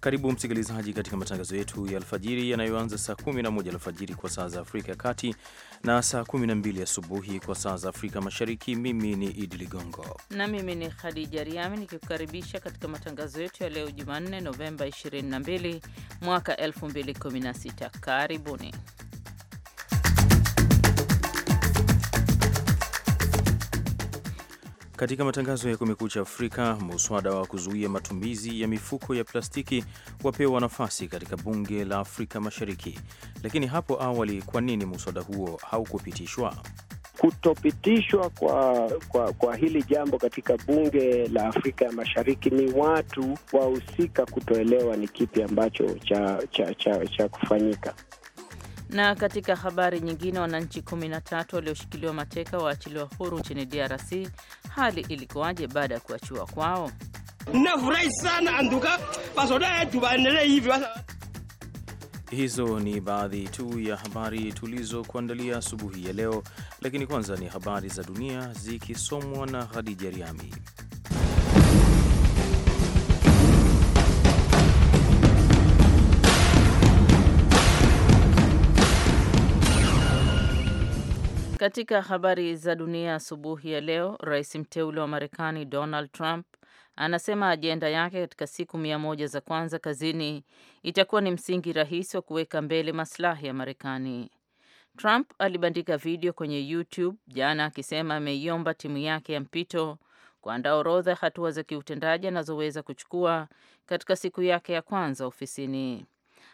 Karibu msikilizaji katika matangazo yetu ya alfajiri yanayoanza saa 11 alfajiri kwa saa za Afrika ya Kati na saa 12 asubuhi kwa saa za Afrika Mashariki. Mimi ni Idi Ligongo na mimi ni Khadija Riami nikikukaribisha katika matangazo yetu ya leo Jumanne, Novemba 22 mwaka 2016. Karibuni. Katika matangazo ya Kumekucha Afrika, muswada wa kuzuia matumizi ya mifuko ya plastiki wapewa nafasi katika bunge la Afrika Mashariki. Lakini hapo awali, kwa nini muswada huo haukupitishwa? Kutopitishwa kwa, kwa, kwa hili jambo katika bunge la Afrika ya Mashariki ni watu wahusika kutoelewa ni kipi ambacho cha, cha, cha, cha kufanyika. Na katika habari nyingine, wananchi 13 walioshikiliwa mateka waachiliwa huru nchini DRC. Hali ilikuwaje baada ya kuachiwa kwao? Nafurahi sana anduka pasoda, tuendelee hivyo. Hizo ni baadhi tu ya habari tulizokuandalia asubuhi ya leo, lakini kwanza ni habari za dunia zikisomwa na hadija Riami. Katika habari za dunia asubuhi ya leo, rais mteule wa Marekani Donald Trump anasema ajenda yake katika siku mia moja za kwanza kazini itakuwa ni msingi rahisi wa kuweka mbele maslahi ya Marekani. Trump alibandika video kwenye YouTube jana akisema ameiomba timu yake ya mpito kuandaa orodha ya hatua za kiutendaji anazoweza kuchukua katika siku yake ya kwanza ofisini.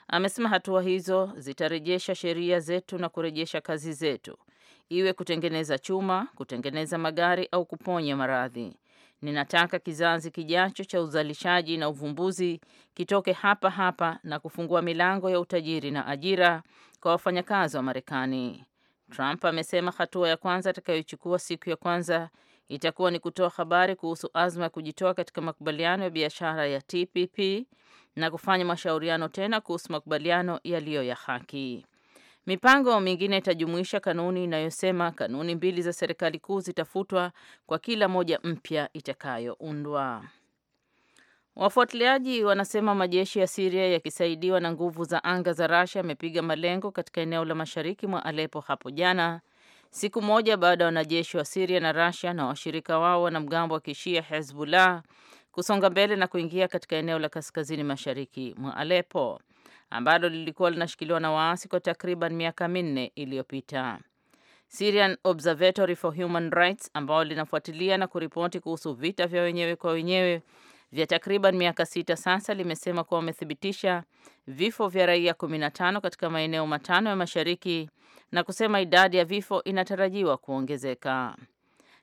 Amesema hatua hizo zitarejesha sheria zetu na kurejesha kazi zetu iwe kutengeneza chuma, kutengeneza magari au kuponya maradhi. Ninataka kizazi kijacho cha uzalishaji na uvumbuzi kitoke hapa hapa na kufungua milango ya utajiri na ajira kwa wafanyakazi wa Marekani. Trump amesema hatua ya kwanza atakayochukua siku ya kwanza itakuwa ni kutoa habari kuhusu azma ya kujitoa katika makubaliano ya biashara ya TPP na kufanya mashauriano tena kuhusu makubaliano yaliyo ya haki. Mipango mingine itajumuisha kanuni inayosema kanuni mbili za serikali kuu zitafutwa kwa kila moja mpya itakayoundwa. Wafuatiliaji wanasema majeshi ya Siria yakisaidiwa na nguvu za anga za Russia yamepiga malengo katika eneo la mashariki mwa Aleppo hapo jana, siku moja baada ya wanajeshi wa Siria na Russia na washirika wao wanamgambo wa kishia Hezbollah kusonga mbele na kuingia katika eneo la kaskazini mashariki mwa Aleppo ambalo lilikuwa linashikiliwa na waasi kwa takriban miaka minne iliyopita. Syrian Observatory for Human Rights ambao linafuatilia na kuripoti kuhusu vita vya wenyewe kwa wenyewe vya takriban miaka sita sasa limesema kuwa wamethibitisha vifo vya raia 15 katika maeneo matano ya mashariki na kusema idadi ya vifo inatarajiwa kuongezeka.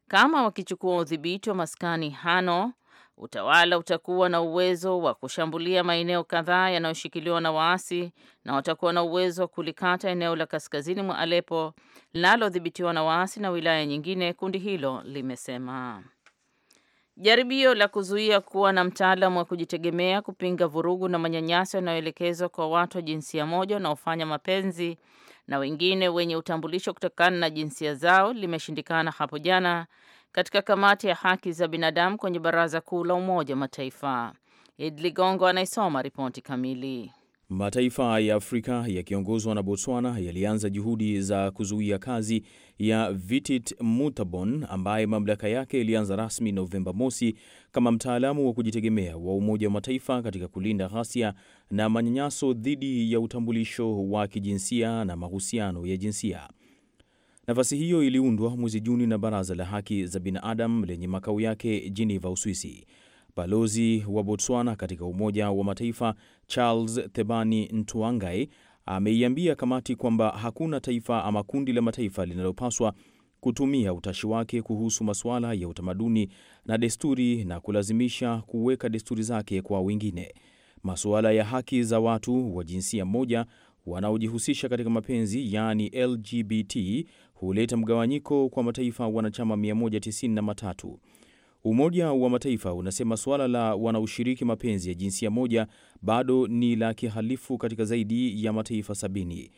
Kama wakichukua udhibiti wa maskani Hano Utawala utakuwa na uwezo wa kushambulia maeneo kadhaa yanayoshikiliwa na waasi na watakuwa na uwezo wa kulikata eneo la kaskazini mwa Aleppo linalodhibitiwa na waasi na wilaya nyingine, kundi hilo limesema. Jaribio la kuzuia kuwa na mtaalamu wa kujitegemea kupinga vurugu na manyanyaso yanayoelekezwa kwa watu wa jinsia moja wanaofanya mapenzi na wengine wenye utambulisho kutokana na jinsia zao limeshindikana hapo jana katika kamati ya haki za binadamu kwenye Baraza Kuu la Umoja wa Mataifa. Id Ligongo anaisoma ripoti kamili. Mataifa ya Afrika yakiongozwa na Botswana yalianza juhudi za kuzuia kazi ya Vitit Mutabon ambaye mamlaka yake ilianza rasmi Novemba mosi kama mtaalamu wa kujitegemea wa Umoja wa Mataifa katika kulinda ghasia na manyanyaso dhidi ya utambulisho wa kijinsia na mahusiano ya jinsia. Nafasi hiyo iliundwa mwezi Juni na Baraza la Haki za Binadamu lenye makao yake Geneva, Uswisi. Balozi wa Botswana katika Umoja wa Mataifa Charles Thebani Ntuangai ameiambia kamati kwamba hakuna taifa ama kundi la mataifa linalopaswa kutumia utashi wake kuhusu masuala ya utamaduni na desturi na kulazimisha kuweka desturi zake kwa wengine. Masuala ya haki za watu wa jinsia moja wanaojihusisha katika mapenzi yaani LGBT huleta mgawanyiko kwa mataifa wanachama 193. Umoja wa Mataifa unasema suala la wanaoshiriki mapenzi ya jinsia moja bado ni la kihalifu katika zaidi ya mataifa sabini.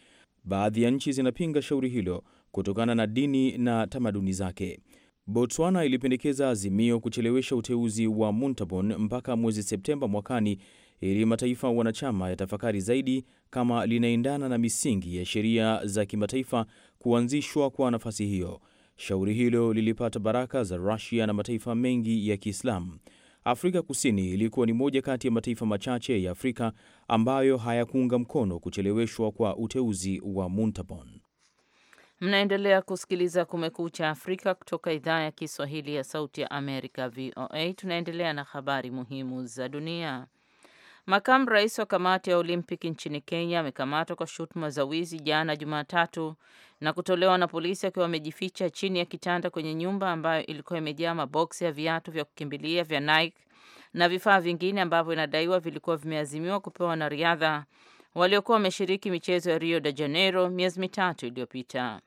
Baadhi ya nchi zinapinga shauri hilo kutokana na dini na tamaduni zake. Botswana ilipendekeza azimio kuchelewesha uteuzi wa Muntabon mpaka mwezi Septemba mwakani ili mataifa wanachama yatafakari zaidi kama linaendana na misingi ya sheria za kimataifa kuanzishwa kwa nafasi hiyo. Shauri hilo lilipata baraka za Rusia na mataifa mengi ya Kiislamu. Afrika Kusini ilikuwa ni moja kati ya mataifa machache ya Afrika ambayo hayakuunga mkono kucheleweshwa kwa uteuzi wa Muntabon. Mnaendelea kusikiliza Kumekucha Afrika kutoka idhaa ya Kiswahili ya Sauti ya Amerika, VOA. Tunaendelea na habari muhimu za dunia. Makamu rais wa kamati ya Olympic nchini Kenya amekamatwa kwa shutuma za wizi jana Jumatatu na kutolewa na polisi akiwa amejificha chini ya kitanda kwenye nyumba ambayo ilikuwa imejaa maboksi ya viatu vya kukimbilia vya Nike na vifaa vingine ambavyo inadaiwa vilikuwa vimeazimiwa kupewa wanariadha waliokuwa wameshiriki michezo ya Rio de Janeiro miezi mitatu iliyopita.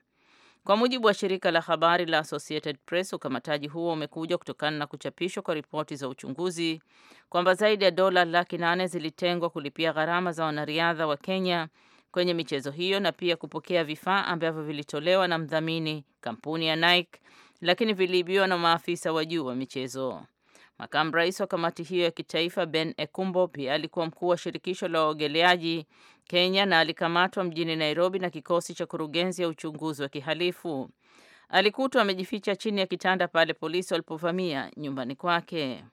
Kwa mujibu wa shirika la habari la Associated Press, ukamataji huo umekuja kutokana na kuchapishwa kwa ripoti za uchunguzi kwamba zaidi ya dola laki nane zilitengwa kulipia gharama za wanariadha wa Kenya kwenye michezo hiyo na pia kupokea vifaa ambavyo vilitolewa na mdhamini kampuni ya Nike, lakini viliibiwa na maafisa wa juu wa michezo. Makamu rais wa kamati hiyo ya kitaifa Ben Ekumbo pia alikuwa mkuu wa shirikisho la waogeleaji Kenya na alikamatwa mjini Nairobi na kikosi cha kurugenzi ya uchunguzi wa kihalifu. Alikutwa amejificha chini ya kitanda pale polisi walipovamia nyumbani kwake.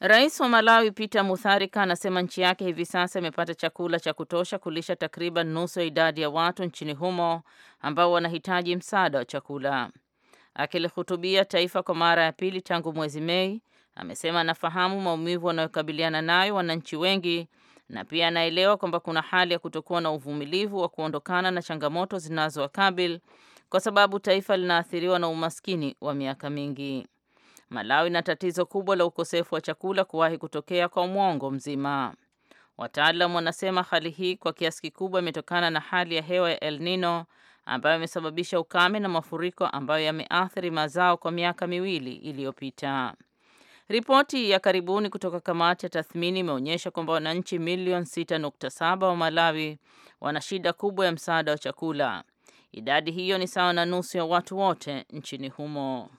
Rais wa Malawi Peter Mutharika anasema nchi yake hivi sasa imepata chakula cha kutosha kulisha takriban nusu ya idadi ya watu nchini humo ambao wanahitaji msaada wa chakula. Akilihutubia taifa kwa mara ya pili tangu mwezi Mei, amesema anafahamu maumivu wanayokabiliana nayo wananchi wengi na pia anaelewa kwamba kuna hali ya kutokuwa na uvumilivu wa kuondokana na changamoto zinazowakabili kwa sababu taifa linaathiriwa na umaskini wa miaka mingi. Malawi ina tatizo kubwa la ukosefu wa chakula kuwahi kutokea kwa mwongo mzima. Wataalam wanasema hali hii kwa kiasi kikubwa imetokana na hali ya hewa ya El Nino ambayo imesababisha ukame na mafuriko ambayo yameathiri mazao kwa miaka miwili iliyopita. Ripoti ya karibuni kutoka kamati ya tathmini imeonyesha kwamba wananchi milioni 6.7 wa Malawi wana shida kubwa ya msaada wa chakula. Idadi hiyo ni sawa na nusu ya watu wote nchini humo.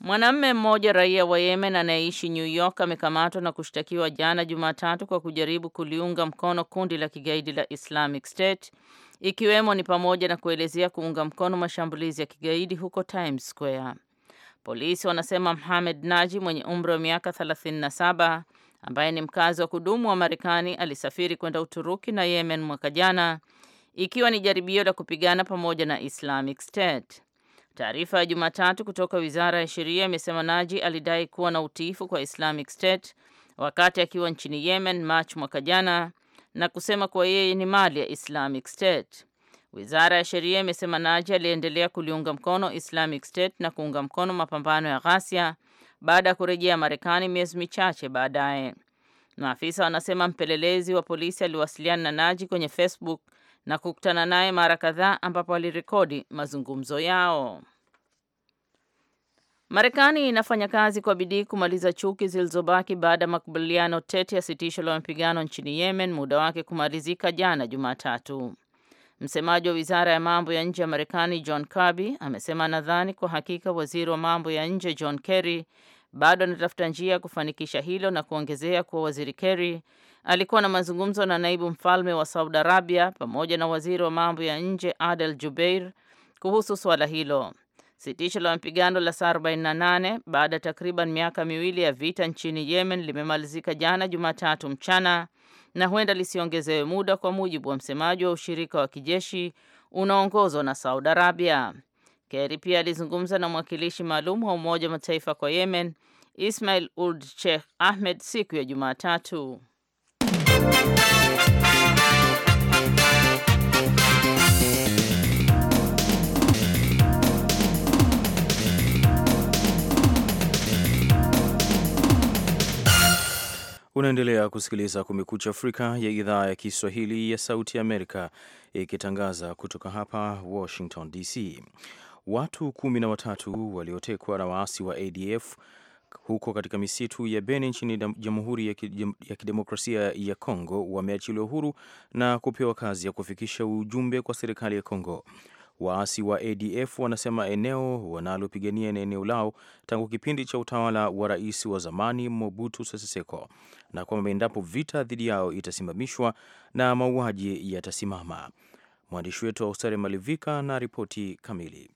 Mwanamume mmoja raia wa Yemen anayeishi New York amekamatwa na kushtakiwa jana Jumatatu kwa kujaribu kuliunga mkono kundi la kigaidi la Islamic State ikiwemo ni pamoja na kuelezea kuunga mkono mashambulizi ya kigaidi huko Times Square. Polisi wanasema Mohamed Naji mwenye umri wa miaka 37 ambaye ni mkazi wa kudumu wa Marekani alisafiri kwenda Uturuki na Yemen mwaka jana ikiwa ni jaribio la kupigana pamoja na Islamic State. Taarifa ya Jumatatu kutoka Wizara ya Sheria imesema Naji alidai kuwa na utiifu kwa Islamic State wakati akiwa nchini Yemen Machi mwaka jana na kusema kuwa yeye ni mali ya Islamic State. Wizara ya sheria imesema naji aliendelea kuliunga mkono Islamic State na kuunga mkono mapambano ya ghasia baada ya kurejea Marekani miezi michache baadaye. Maafisa wanasema mpelelezi wa polisi aliwasiliana na Naji kwenye Facebook na kukutana naye mara kadhaa ambapo alirekodi mazungumzo yao. Marekani inafanya kazi kwa bidii kumaliza chuki zilizobaki baada ya makubaliano tete ya sitisho la mapigano nchini Yemen muda wake kumalizika jana Jumatatu. Msemaji wa wizara ya mambo ya nje ya Marekani John Kirby amesema nadhani kwa hakika waziri wa mambo ya nje John Kerry bado anatafuta njia ya kufanikisha hilo, na kuongezea kuwa waziri Kerry alikuwa na mazungumzo na naibu mfalme wa Saudi Arabia pamoja na waziri wa mambo ya nje Adel Jubeir kuhusu suala hilo. Sitisho la mapigano la saa 48 baada ya takriban miaka miwili ya vita nchini Yemen limemalizika jana Jumatatu mchana na huenda lisiongezewe muda, kwa mujibu wa msemaji wa ushirika wa kijeshi unaoongozwa na Saudi Arabia. Kerry pia alizungumza na mwakilishi maalum wa Umoja wa Mataifa kwa Yemen Ismail Uld Sheikh Ahmed siku ya Jumatatu. Unaendelea kusikiliza Kumekucha Afrika ya idhaa ya Kiswahili ya Sauti Amerika ikitangaza kutoka hapa Washington DC. Watu kumi na watatu waliotekwa na waasi wa ADF huko katika misitu ya Beni nchini Jamhuri ya Kidemokrasia ya Kongo wameachiliwa huru na kupewa kazi ya kufikisha ujumbe kwa serikali ya Kongo. Waasi wa ADF wanasema eneo wanalopigania ni eneo lao tangu kipindi cha utawala wa rais wa zamani Mobutu Sese Seko, na kwamba endapo vita dhidi yao itasimamishwa na mauaji yatasimama. Mwandishi wetu wa Austari Malivika na ripoti kamili.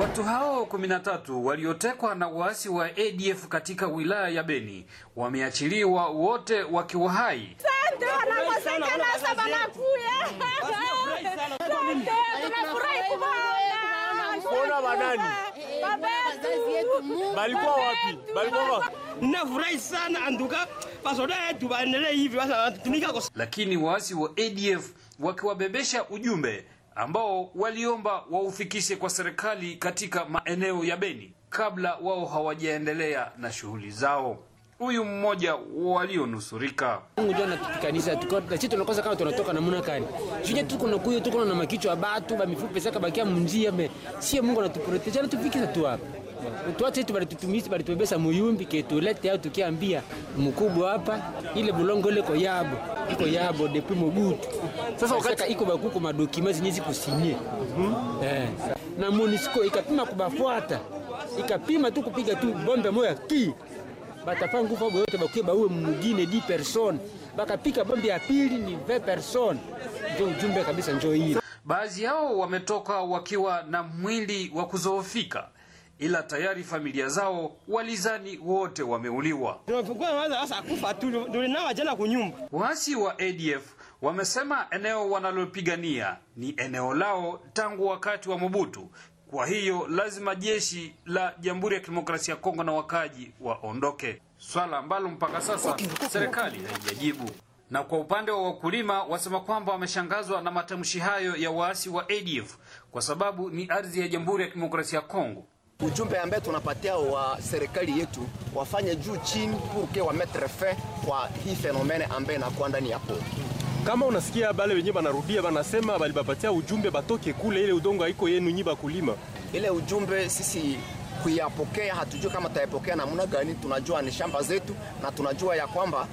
Watu hao 13 waliotekwa na waasi wa ADF katika wilaya ya Beni wameachiliwa wote wakiwa hai. Tunafurahi Kuona wanani? Balikuwa wapi? Balikuwa Nafurahi sana anduka pasoda yetu hivi basi Lakini waasi wa ADF wakiwabebesha ujumbe ambao waliomba waufikishe kwa serikali katika maeneo ya Beni kabla wao hawajaendelea na shughuli zao huyu mmoja walionusurika. Mungu ndio anatupikanisa tuko na sisi tunakosa kama tunatoka na muna kani. Sije tuko na kuyo tuko na makicho ya batu ba mifupe saka bakia mnjia me. Sie Mungu na anatupikiza tu hapa. Tuache tu bali tutumisi bali tubesa muyumbi ketulete au tukiambia mkubwa hapa ile bulongo ile kwa yabo. Iko yabo depuis Mogutu. Sasa wakati iko bakuko madokimenti nyezi kusinye. Mhm. Eh. Na munisiko ikapima kubafuata. Ikapima tu kupiga tu bombe moya ki nguvu abo yote bakuye baue bakapika bombi ya pili ni Ndio ujumbe kabisa, njo hiyo. Baadhi yao wametoka wakiwa na mwili wa kuzoofika, ila tayari familia zao walizani wote wameuliwa. Waasi wa ADF wamesema eneo wanalopigania ni eneo lao tangu wakati wa Mobutu kwa hiyo lazima jeshi la Jamhuri ya Kidemokrasia ya Kongo na wakaji waondoke, swala ambalo mpaka sasa serikali haijajibu. Na kwa upande wa wakulima wasema kwamba wameshangazwa na matamshi hayo ya waasi wa ADF kwa sababu ni ardhi ya Jamhuri ya Kidemokrasia ya Kongo. Ujumbe ambaye tunapatia wa serikali yetu wafanye juu chini, pour que wa mettre fin kwa hii fenomene ambaye inakuwa ndani ya pori kama unasikia bale wenye banarudia banasema balibapatia ujumbe batoke kule, ile udongo haiko yenu nyi bakulima. Ile ujumbe sisi kuyapokea, hatujui kama tutayapokea namna gani. Tunajua ni shamba zetu na tunajua ya kwamba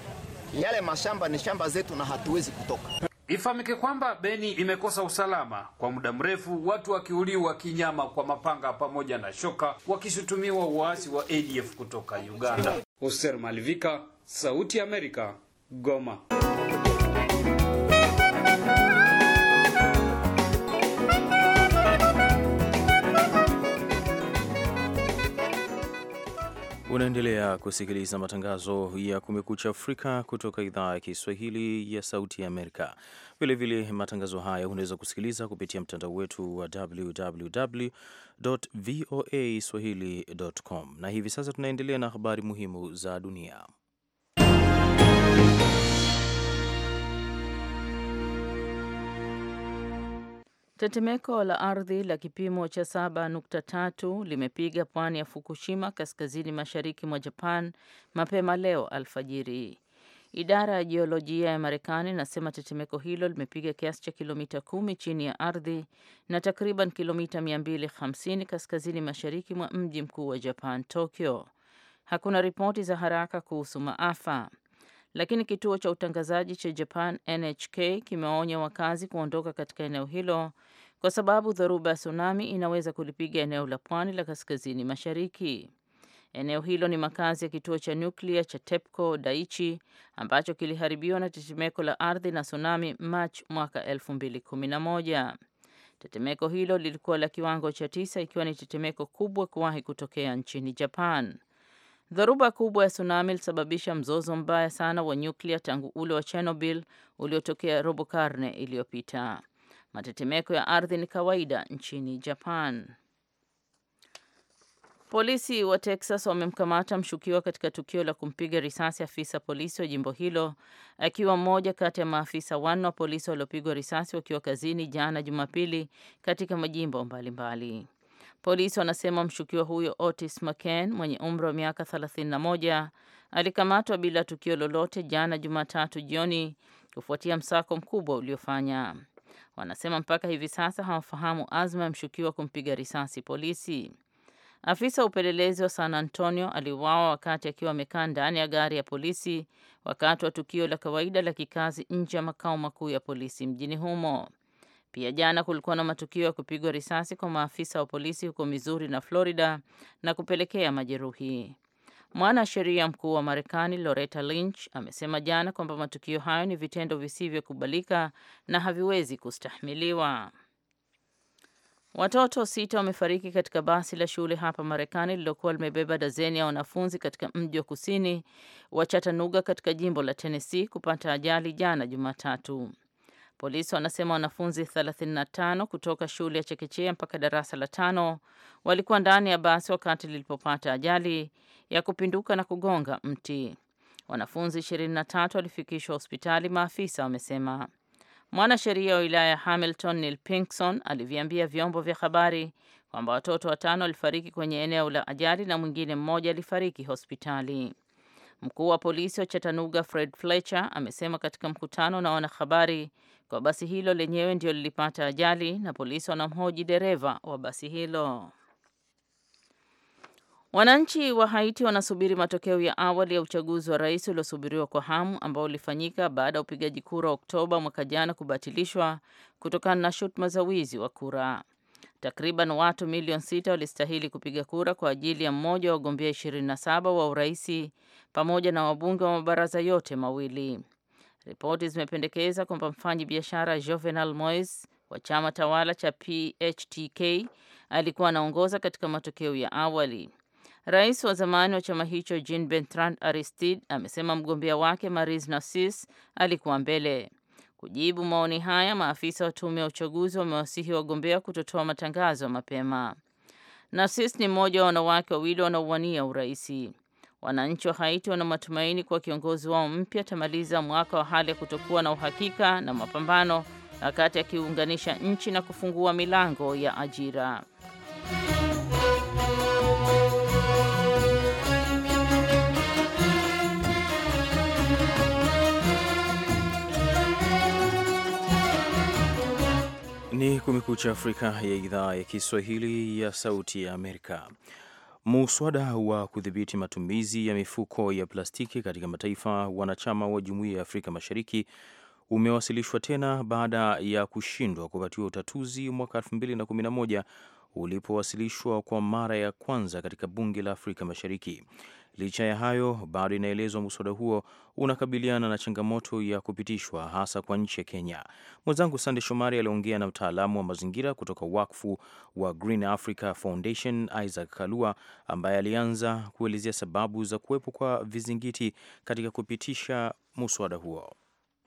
yale mashamba ni shamba zetu na hatuwezi kutoka. Ifahamike kwamba Beni imekosa usalama kwa muda mrefu, watu wakiuliwa kinyama kwa mapanga pamoja na shoka, wakishutumiwa uasi wa ADF kutoka Uganda. Hoser Malivika, Sauti ya Amerika, Goma. Unaendelea kusikiliza matangazo ya Kumekucha Afrika kutoka idhaa ya Kiswahili ya Sauti ya Amerika. Vilevile, matangazo haya unaweza kusikiliza kupitia mtandao wetu wa www voa www.voaswahili.com, na hivi sasa tunaendelea na habari muhimu za dunia. Tetemeko la ardhi la kipimo cha 7.3 limepiga pwani ya Fukushima kaskazini mashariki mwa Japan mapema leo alfajiri. Idara ya jiolojia ya Marekani inasema tetemeko hilo limepiga kiasi cha kilomita kumi chini ya ardhi na takriban kilomita 250 kaskazini mashariki mwa mji mkuu wa Japan, Tokyo. Hakuna ripoti za haraka kuhusu maafa lakini kituo cha utangazaji cha Japan NHK kimewaonya wakazi kuondoka katika eneo hilo kwa sababu dhoruba ya tsunami inaweza kulipiga eneo la pwani la kaskazini mashariki. Eneo hilo ni makazi ya kituo cha nyuklia cha TEPCO Daiichi ambacho kiliharibiwa na tetemeko la ardhi na tsunami Machi mwaka 2011. Tetemeko hilo lilikuwa la kiwango cha tisa ikiwa ni tetemeko kubwa kuwahi kutokea nchini Japan. Dhoruba kubwa ya tsunami ilisababisha mzozo mbaya sana wa nyuklia tangu ule wa Chernobyl uliotokea robo karne iliyopita. Matetemeko ya ardhi ni kawaida nchini Japan. Polisi wa Texas wamemkamata mshukiwa katika tukio la kumpiga risasi afisa polisi wa jimbo hilo akiwa mmoja kati ya maafisa wanne wa polisi waliopigwa risasi wakiwa kazini jana Jumapili katika majimbo mbalimbali mbali. Polisi wanasema mshukiwa huyo Otis McCann mwenye umri wa miaka 31 alikamatwa bila tukio lolote jana Jumatatu jioni kufuatia msako mkubwa uliofanya. Wanasema mpaka hivi sasa hawafahamu azma ya mshukiwa kumpiga risasi polisi. Afisa upelelezi wa San Antonio aliuawa wakati akiwa amekaa ndani ya gari ya polisi wakati wa tukio la kawaida la kikazi nje ya makao makuu ya polisi mjini humo. Pia jana kulikuwa na matukio ya kupigwa risasi kwa maafisa wa polisi huko Missouri na Florida na kupelekea majeruhi. mwana sheria mkuu wa Marekani Loretta Lynch amesema jana kwamba matukio hayo ni vitendo visivyokubalika na haviwezi kustahimiliwa. Watoto sita wamefariki katika basi la shule hapa Marekani lililokuwa limebeba dazeni ya wanafunzi katika mji wa kusini wa Chattanooga katika jimbo la Tennessee kupata ajali jana Jumatatu. Polisi wanasema wanafunzi 35 kutoka shule ya chekechea mpaka darasa la tano walikuwa ndani ya basi wakati lilipopata ajali ya kupinduka na kugonga mti. Wanafunzi 23 walifikishwa hospitali, maafisa wamesema. Mwanasheria wa wilaya ya Hamilton Neil Pinkson aliviambia vyombo vya habari kwamba watoto watano walifariki kwenye eneo la ajali na mwingine mmoja alifariki hospitali. Mkuu wa polisi wa Chattanooga Fred Fletcher amesema katika mkutano na wanahabari kwa basi hilo lenyewe ndio lilipata ajali na polisi wanamhoji dereva wa basi hilo. Wananchi wa Haiti wanasubiri matokeo ya awali ya uchaguzi wa rais uliosubiriwa kwa hamu ambao ulifanyika baada ya upigaji kura Oktoba mwaka jana kubatilishwa kutokana na shutuma za wizi wa kura. Takriban watu milioni sita walistahili kupiga kura kwa ajili ya mmoja wa wagombea 27 wa uraisi pamoja na wabunge wa mabaraza yote mawili. Ripoti zimependekeza kwamba mfanyi biashara Jovenal mois wa chama tawala cha PHTK alikuwa anaongoza katika matokeo ya awali. Rais wa zamani wa chama hicho Jean Bertrand Aristide amesema mgombea wake Maris Narcisse alikuwa mbele. Kujibu maoni haya, maafisa wa tume ya uchaguzi wamewasihi wagombea kutotoa matangazo mapema. Narcisse ni mmoja wa wanawake wawili wanaowania uraisi. Wananchi wa Haiti wana matumaini kuwa kiongozi wao mpya atamaliza mwaka wa hali ya kutokuwa na uhakika na mapambano, wakati akiunganisha nchi na kufungua milango ya ajira. Ni Kumekucha Afrika ya idhaa ya Kiswahili ya Sauti ya Amerika. Muswada wa kudhibiti matumizi ya mifuko ya plastiki katika mataifa wanachama wa Jumuiya ya Afrika Mashariki umewasilishwa tena baada ya kushindwa kupatiwa utatuzi mwaka 2011 ulipowasilishwa kwa mara ya kwanza katika bunge la Afrika Mashariki. Licha ya hayo, bado inaelezwa muswada huo unakabiliana na changamoto ya kupitishwa hasa kwa nchi ya Kenya. Mwenzangu Sande Shomari aliongea na mtaalamu wa mazingira kutoka wakfu wa Green Africa Foundation, Isaac Kalua, ambaye alianza kuelezea sababu za kuwepo kwa vizingiti katika kupitisha muswada huo.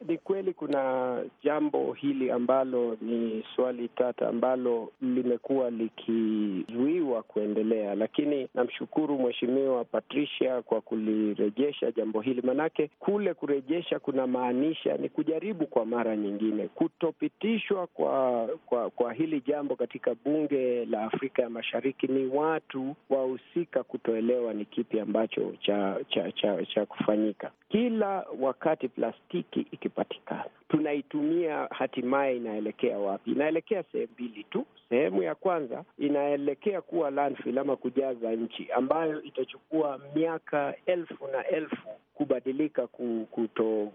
Ni kweli kuna jambo hili ambalo ni swali tata ambalo limekuwa likizuiwa kuendelea, lakini namshukuru Mheshimiwa Patricia kwa kulirejesha jambo hili, manake kule kurejesha kuna maanisha ni kujaribu kwa mara nyingine. Kutopitishwa kwa, kwa, kwa hili jambo katika bunge la Afrika ya Mashariki ni watu wahusika kutoelewa ni kipi ambacho cha cha cha, cha kufanyika. Kila wakati plastiki ikipatikana, tunaitumia hatimaye inaelekea wapi? Inaelekea sehemu mbili tu. Sehemu ya kwanza inaelekea kuwa landfill ama kujaza nchi, ambayo itachukua miaka elfu na elfu kubadilika kuto,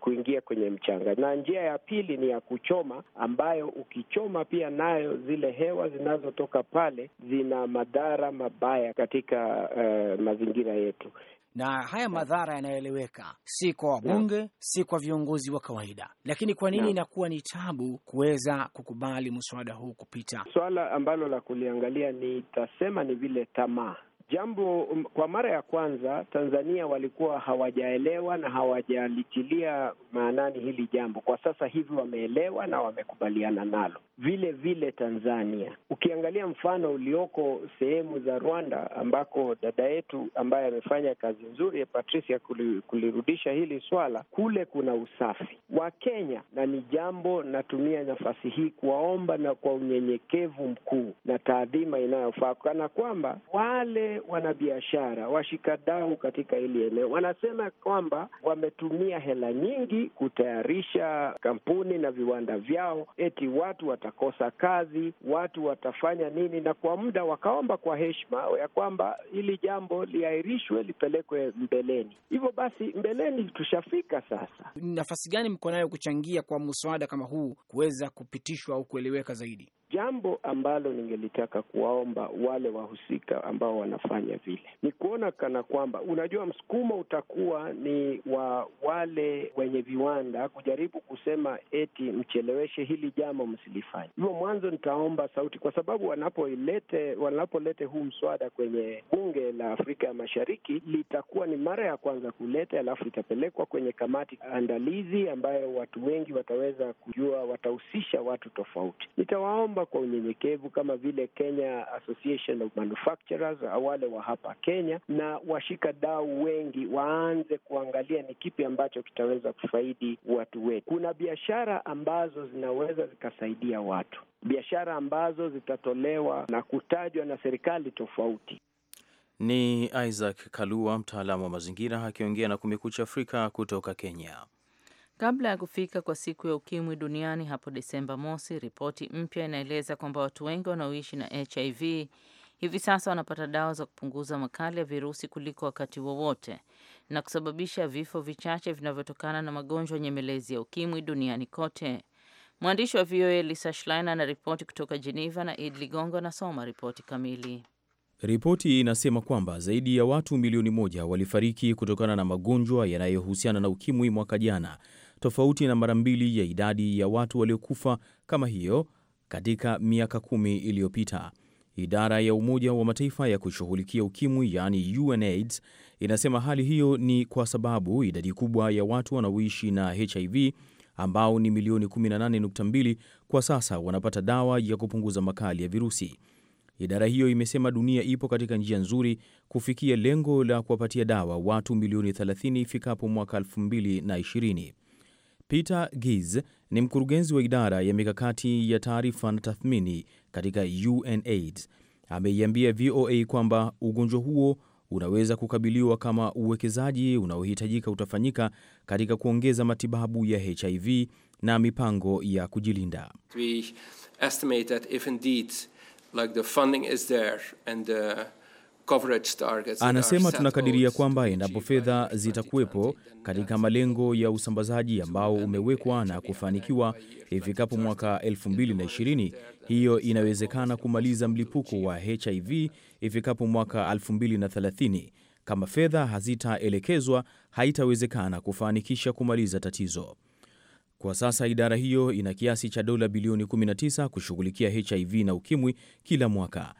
kuingia kwenye mchanga, na njia ya pili ni ya kuchoma, ambayo ukichoma pia nayo zile hewa zinazotoka pale zina madhara mabaya katika uh, mazingira yetu na haya madhara yanayoeleweka, si kwa wabunge, si kwa viongozi wa kawaida. Lakini kwa nini inakuwa ni tabu kuweza kukubali mswada huu kupita? Swala ambalo la kuliangalia nitasema ni vile tamaa jambo um, kwa mara ya kwanza Tanzania walikuwa hawajaelewa na hawajalitilia maanani hili jambo. Kwa sasa hivi wameelewa na wamekubaliana nalo. Vile vile Tanzania, ukiangalia mfano ulioko sehemu za Rwanda ambako dada yetu ambaye amefanya kazi nzuri Patricia kulirudisha hili swala, kule kuna usafi wa Kenya, na ni jambo natumia nafasi hii kuwaomba na kwa unyenyekevu mkuu na taadhima inayofaa, kana kwamba wale wanabiashara, washikadau katika hili eneo wanasema kwamba wametumia hela nyingi kutayarisha kampuni na viwanda vyao, eti watu watakosa kazi, watu watafanya nini? Na kwa muda wakaomba kwa heshima ya kwamba hili jambo liahirishwe, lipelekwe mbeleni. Hivyo basi, mbeleni tushafika sasa. Nafasi gani mko nayo kuchangia kwa muswada kama huu kuweza kupitishwa au kueleweka zaidi? Jambo ambalo ningelitaka kuwaomba wale wahusika ambao wanafanya vile ni kuona kana kwamba, unajua, msukumo utakuwa ni wa wale wenye viwanda kujaribu kusema eti mcheleweshe hili jambo, msilifanye hivyo. Mwanzo nitaomba sauti, kwa sababu wanapoilete wanapolete huu mswada kwenye bunge la Afrika ya Mashariki, litakuwa ni mara ya kwanza kuleta, alafu itapelekwa kwenye kamati andalizi ambayo watu wengi wataweza kujua, watahusisha watu tofauti. Nitawaomba kusema kwa unyenyekevu kama vile Kenya Association of Manufacturers wale wa hapa Kenya na washikadau wengi waanze kuangalia ni kipi ambacho kitaweza kufaidi watu wetu. Kuna biashara ambazo zinaweza zikasaidia watu, biashara ambazo zitatolewa na kutajwa na serikali tofauti. Ni Isaac Kalua, mtaalamu wa mazingira, akiongea na Kumekucha Afrika kutoka Kenya. Kabla ya kufika kwa siku ya ukimwi duniani hapo Desemba mosi, ripoti mpya inaeleza kwamba watu wengi wanaoishi na HIV hivi sasa wanapata dawa za kupunguza makali ya virusi kuliko wakati wowote na kusababisha vifo vichache vinavyotokana na magonjwa nyemelezi ya ukimwi duniani kote. Mwandishi wa VOA Lisa Schlein anaripoti kutoka Geneva na Id Ligongo anasoma ripoti kamili. Ripoti inasema kwamba zaidi ya watu milioni moja walifariki kutokana na magonjwa yanayohusiana na ukimwi mwaka jana, tofauti na mara mbili ya idadi ya watu waliokufa kama hiyo katika miaka kumi iliyopita. Idara ya Umoja wa Mataifa ya kushughulikia ukimwi yaani UNAIDS inasema hali hiyo ni kwa sababu idadi kubwa ya watu wanaoishi na HIV ambao ni milioni 18.2 kwa sasa wanapata dawa ya kupunguza makali ya virusi. Idara hiyo imesema dunia ipo katika njia nzuri kufikia lengo la kuwapatia dawa watu milioni 30 ifikapo mwaka 2020. Peter Giz ni mkurugenzi wa idara ya mikakati ya taarifa na tathmini katika UNAIDS ameiambia VOA kwamba ugonjwa huo unaweza kukabiliwa kama uwekezaji unaohitajika utafanyika katika kuongeza matibabu ya HIV na mipango ya kujilinda. We estimate that if indeed like the funding is there and the uh, Anasema tunakadiria kwamba endapo fedha zitakuwepo katika malengo ya usambazaji ambao umewekwa na kufanikiwa ifikapo mwaka 2020, hiyo inawezekana kumaliza mlipuko wa HIV ifikapo mwaka 2030. Kama fedha hazitaelekezwa, haitawezekana kufanikisha kumaliza tatizo. Kwa sasa idara hiyo ina kiasi cha dola bilioni 19 kushughulikia HIV na ukimwi kila mwaka.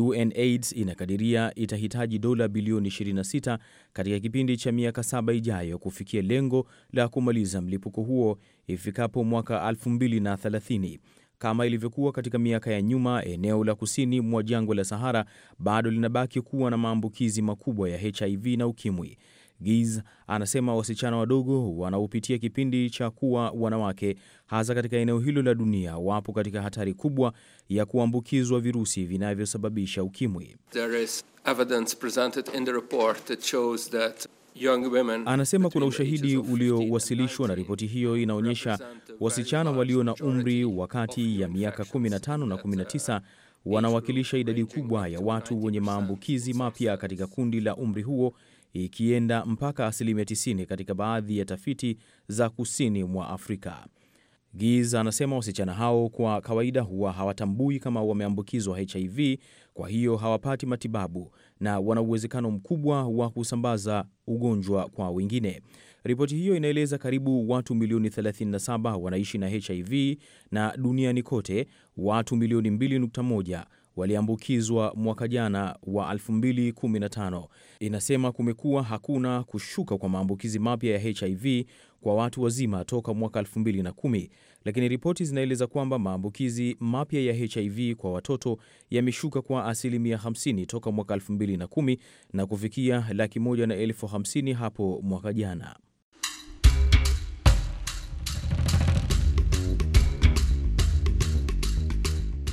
UNAIDS inakadiria itahitaji dola bilioni 26 katika kipindi cha miaka saba ijayo kufikia lengo la kumaliza mlipuko huo ifikapo mwaka 2030. Kama ilivyokuwa katika miaka ya nyuma, eneo la kusini mwa jangwa la Sahara bado linabaki kuwa na maambukizi makubwa ya HIV na ukimwi. Giz anasema wasichana wadogo wanaopitia kipindi cha kuwa wanawake, hasa katika eneo hilo la dunia, wapo katika hatari kubwa ya kuambukizwa virusi vinavyosababisha ukimwi. Anasema kuna ushahidi uliowasilishwa na ripoti hiyo inaonyesha wasichana walio na umri wa kati ya miaka 15 na 19 uh, wanawakilisha idadi kubwa ya watu wenye maambukizi mapya katika kundi la umri huo ikienda mpaka asilimia 90 katika baadhi ya tafiti za kusini mwa Afrika. Giza anasema wasichana hao kwa kawaida huwa hawatambui kama wameambukizwa HIV, kwa hiyo hawapati matibabu na wana uwezekano mkubwa wa kusambaza ugonjwa kwa wengine. Ripoti hiyo inaeleza karibu watu milioni 37 wanaishi na HIV na duniani kote watu milioni 2.1 waliambukizwa mwaka jana wa 2015. Inasema kumekuwa hakuna kushuka kwa maambukizi mapya ya HIV kwa watu wazima toka mwaka 2010, lakini ripoti zinaeleza kwamba maambukizi mapya ya HIV kwa watoto yameshuka kwa asilimia 50 toka mwaka 2010 na kufikia laki moja na elfu hapo mwaka jana.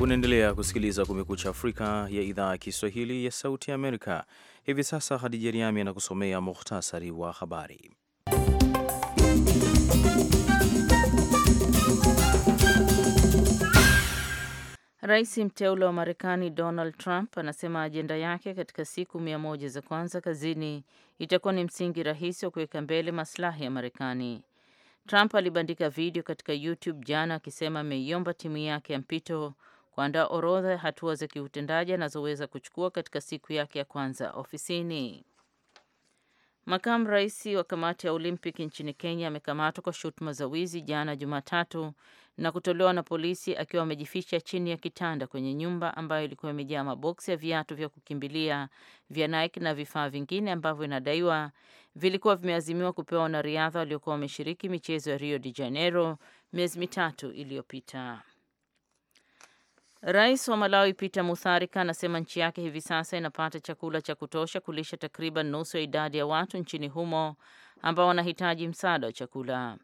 Unaendelea kusikiliza Kumekucha Afrika ya idhaa ya Kiswahili ya Sauti ya Amerika. Hivi sasa Hadija Riami anakusomea muhtasari wa habari. Rais mteule wa Marekani Donald Trump anasema ajenda yake katika siku mia moja za kwanza kazini itakuwa ni msingi rahisi wa kuweka mbele maslahi ya Marekani. Trump alibandika video katika YouTube jana akisema ameiomba timu yake ya mpito kuandaa orodha ya hatua za kiutendaji anazoweza kuchukua katika siku yake ya kwanza ofisini. Makamu rais wa kamati ya Olympic nchini Kenya amekamatwa kwa shutuma za wizi jana Jumatatu na kutolewa na polisi akiwa amejificha chini ya kitanda kwenye nyumba ambayo ilikuwa imejaa maboksi ya viatu vya kukimbilia vya Nike na vifaa vingine ambavyo inadaiwa vilikuwa vimeazimiwa kupewa wanariadha waliokuwa wameshiriki michezo ya Rio de Janeiro miezi mitatu iliyopita. Rais wa Malawi Peter Mutharika anasema nchi yake hivi sasa inapata chakula cha kutosha kulisha takriban nusu ya idadi ya watu nchini humo ambao wanahitaji msaada wa chakula.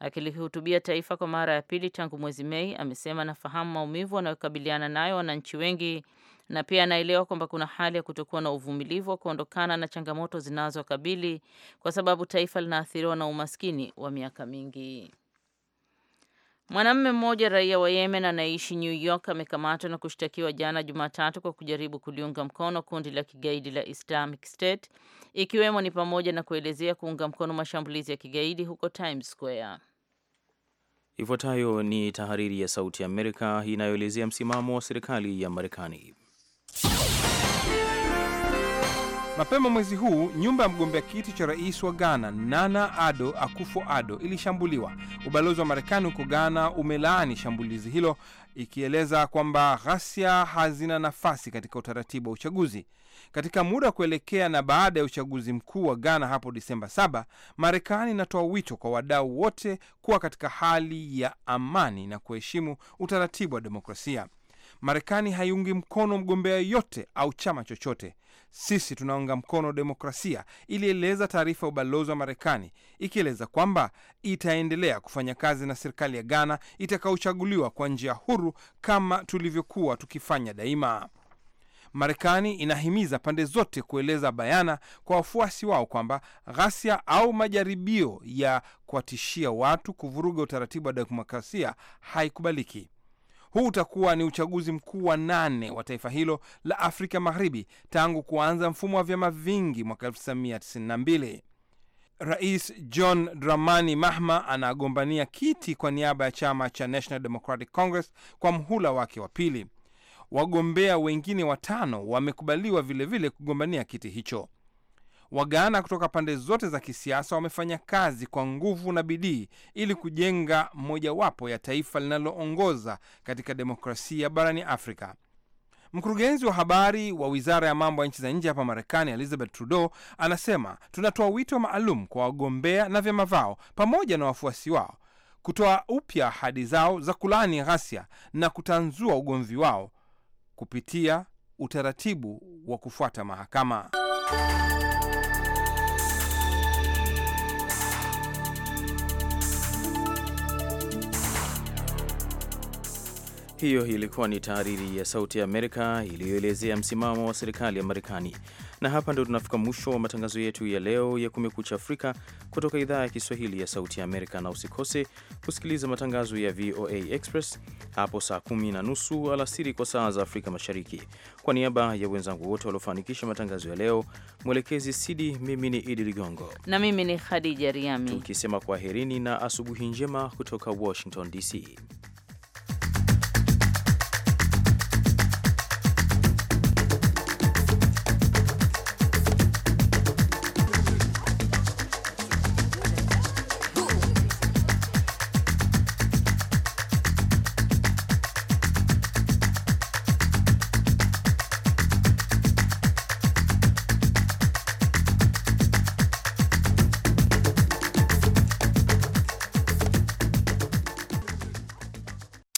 Akilihutubia taifa kwa mara ya pili tangu mwezi Mei, amesema anafahamu maumivu wanayokabiliana nayo wananchi wengi na pia anaelewa kwamba kuna hali ya kutokuwa na uvumilivu wa kuondokana na changamoto zinazokabili kwa sababu taifa linaathiriwa na umaskini wa miaka mingi. Mwanamume mmoja raia wa Yemen anayeishi New York amekamatwa na kushtakiwa jana Jumatatu kwa kujaribu kuliunga mkono kundi la kigaidi la Islamic State ikiwemo ni pamoja na kuelezea kuunga mkono mashambulizi ya kigaidi huko Times Square. Ifuatayo ni tahariri ya Sauti ya Amerika inayoelezea msimamo wa serikali ya Marekani. Mapema mwezi huu nyumba ya mgombea kiti cha rais wa Ghana Nana Ado akufo ado ilishambuliwa. Ubalozi wa Marekani huko Ghana umelaani shambulizi hilo, ikieleza kwamba ghasia hazina nafasi katika utaratibu wa uchaguzi. Katika muda wa kuelekea na baada ya uchaguzi mkuu wa Ghana hapo Disemba 7, Marekani inatoa wito kwa wadau wote kuwa katika hali ya amani na kuheshimu utaratibu wa demokrasia. Marekani haiungi mkono mgombea yote au chama chochote sisi tunaunga mkono demokrasia, ilieleza taarifa ya ubalozi wa Marekani ikieleza kwamba itaendelea kufanya kazi na serikali ya Ghana itakaochaguliwa kwa njia huru kama tulivyokuwa tukifanya daima. Marekani inahimiza pande zote kueleza bayana kwa wafuasi wao kwamba ghasia au majaribio ya kuwatishia watu kuvuruga utaratibu wa demokrasia haikubaliki. Huu utakuwa ni uchaguzi mkuu wa nane wa taifa hilo la Afrika Magharibi tangu kuanza mfumo wa vyama vingi mwaka 1992. Rais John Dramani Mahama anagombania kiti kwa niaba ya chama cha National Democratic Congress kwa mhula wake wa pili. Wagombea wengine watano wamekubaliwa vilevile kugombania kiti hicho. Waghana kutoka pande zote za kisiasa wamefanya kazi kwa nguvu na bidii ili kujenga mojawapo ya taifa linaloongoza katika demokrasia barani Afrika. Mkurugenzi wa habari wa wizara ya mambo ya nchi za nje hapa Marekani, Elizabeth Trudeau, anasema tunatoa wito maalum kwa wagombea na vyama vao pamoja na wafuasi wao kutoa upya ahadi zao za kulaani ghasia na kutanzua ugomvi wao kupitia utaratibu wa kufuata mahakama. Hiyo ilikuwa ni tahariri ya Sauti ya Amerika iliyoelezea msimamo wa serikali ya Marekani. Na hapa ndo tunafika mwisho wa matangazo yetu ya leo ya Kumekucha Afrika kutoka idhaa ya Kiswahili ya Sauti ya Amerika, na usikose kusikiliza matangazo ya VOA Express hapo saa kumi na nusu alasiri kwa saa za Afrika Mashariki. Kwa niaba ya wenzangu wote waliofanikisha matangazo ya leo, mwelekezi Sidi, mimi ni Idi Ligongo na mimi ni Khadija Riami, tukisema kwaherini na asubuhi njema kutoka Washington DC.